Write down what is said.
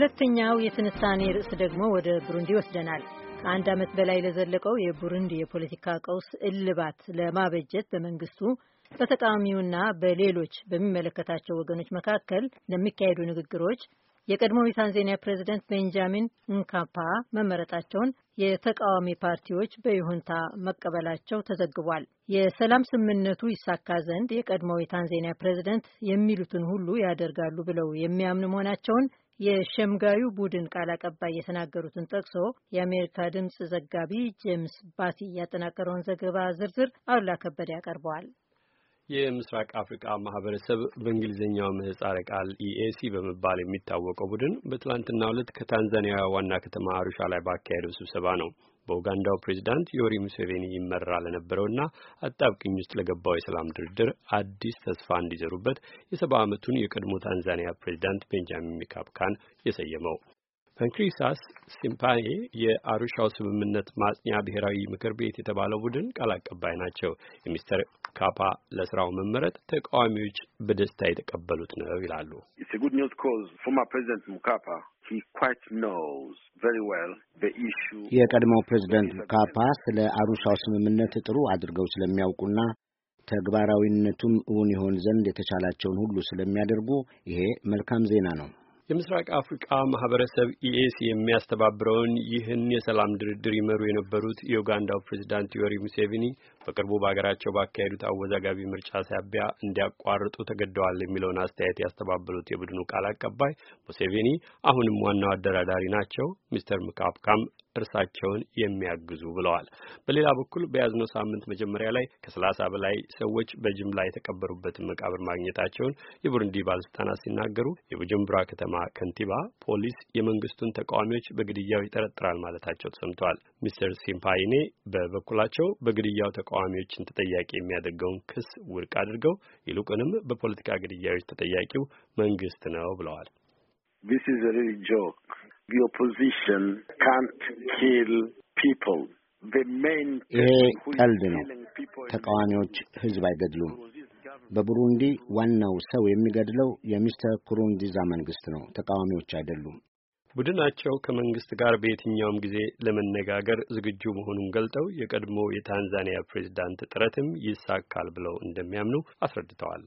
ሁለተኛው የትንታኔ ርዕስ ደግሞ ወደ ብሩንዲ ይወስደናል። ከአንድ ዓመት በላይ ለዘለቀው የቡሩንዲ የፖለቲካ ቀውስ እልባት ለማበጀት በመንግስቱ በተቃዋሚውና በሌሎች በሚመለከታቸው ወገኖች መካከል ለሚካሄዱ ንግግሮች የቀድሞው የታንዛኒያ ፕሬዚደንት ቤንጃሚን እንካፓ መመረጣቸውን የተቃዋሚ ፓርቲዎች በይሁንታ መቀበላቸው ተዘግቧል። የሰላም ስምምነቱ ይሳካ ዘንድ የቀድሞው የታንዛኒያ ፕሬዚደንት የሚሉትን ሁሉ ያደርጋሉ ብለው የሚያምኑ መሆናቸውን የሸምጋዩ ቡድን ቃል አቀባይ የተናገሩትን ጠቅሶ የአሜሪካ ድምፅ ዘጋቢ ጄምስ ባቲ ያጠናቀረውን ዘገባ ዝርዝር አሉላ ከበደ ያቀርበዋል። የምስራቅ አፍሪካ ማህበረሰብ በእንግሊዝኛው ምህጻረ ቃል ኢኤሲ በመባል የሚታወቀው ቡድን በትላንትናው ዕለት ከታንዛኒያ ዋና ከተማ አሩሻ ላይ ባካሄደው ስብሰባ ነው በኡጋንዳው ፕሬዚዳንት ዮሪ ሙሴቬኒ ይመራ ለነበረውና አጣብቅኝ ውስጥ ለገባው የሰላም ድርድር አዲስ ተስፋ እንዲዘሩበት የሰባ ዓመቱን የቀድሞ ታንዛኒያ ፕሬዚዳንት ቤንጃሚን ሚካፕካን የሰየመው ፈንክሪሳስ ሲምፓኔ የአሩሻው ስምምነት ማጽኛ ብሔራዊ ምክር ቤት የተባለው ቡድን ቃል አቀባይ ናቸው። የሚስተር ካፓ ለስራው መመረጥ ተቃዋሚዎች በደስታ የተቀበሉት ነው ይላሉ። የቀድሞው ፕሬዚደንት ሙካፓ ስለ አሩሻው ስምምነት ጥሩ አድርገው ስለሚያውቁና ተግባራዊነቱም እውን ይሆን ዘንድ የተቻላቸውን ሁሉ ስለሚያደርጉ ይሄ መልካም ዜና ነው። የምስራቅ አፍሪቃ ማህበረሰብ ኢኤስ e የሚያስተባብረውን ይህን የሰላም ድርድር ይመሩ የነበሩት የኡጋንዳው ፕሬዚዳንት ዮሪ ሙሴቪኒ በቅርቡ በሀገራቸው ባካሄዱት አወዛጋቢ ምርጫ ሳቢያ እንዲያቋርጡ ተገደዋል የሚለውን አስተያየት ያስተባበሉት የቡድኑ ቃል አቀባይ ሙሴቪኒ አሁንም ዋናው አደራዳሪ ናቸው፣ ሚስተር ምካብካም እርሳቸውን የሚያግዙ ብለዋል። በሌላ በኩል በያዝነው ሳምንት መጀመሪያ ላይ ከሰላሳ በላይ ሰዎች በጅምላ የተቀበሩበትን መቃብር ማግኘታቸውን የቡሩንዲ ባለስልጣናት ሲናገሩ የቡጅምቡራ ከተማ ከንቲባ ፖሊስ የመንግስቱን ተቃዋሚዎች በግድያው ይጠረጥራል ማለታቸው ተሰምተዋል። ሚስተር ሲምፓይኔ በበኩላቸው በግድያው ተቃዋሚዎችን ተጠያቂ የሚያደርገውን ክስ ውድቅ አድርገው ይልቁንም በፖለቲካ ግድያዎች ተጠያቂው መንግስት ነው ብለዋል። This is a real joke. ይሄ ቀልድ ነው። ተቃዋሚዎች ህዝብ አይገድሉም። በቡሩንዲ ዋናው ሰው የሚገድለው የሚስተር ኩሩንዲዛ መንግስት ነው፣ ተቃዋሚዎች አይደሉም። ቡድናቸው ከመንግስት ጋር በየትኛውም ጊዜ ለመነጋገር ዝግጁ መሆኑን ገልጠው የቀድሞ የታንዛኒያ ፕሬዚዳንት ጥረትም ይሳካል ብለው እንደሚያምኑ አስረድተዋል።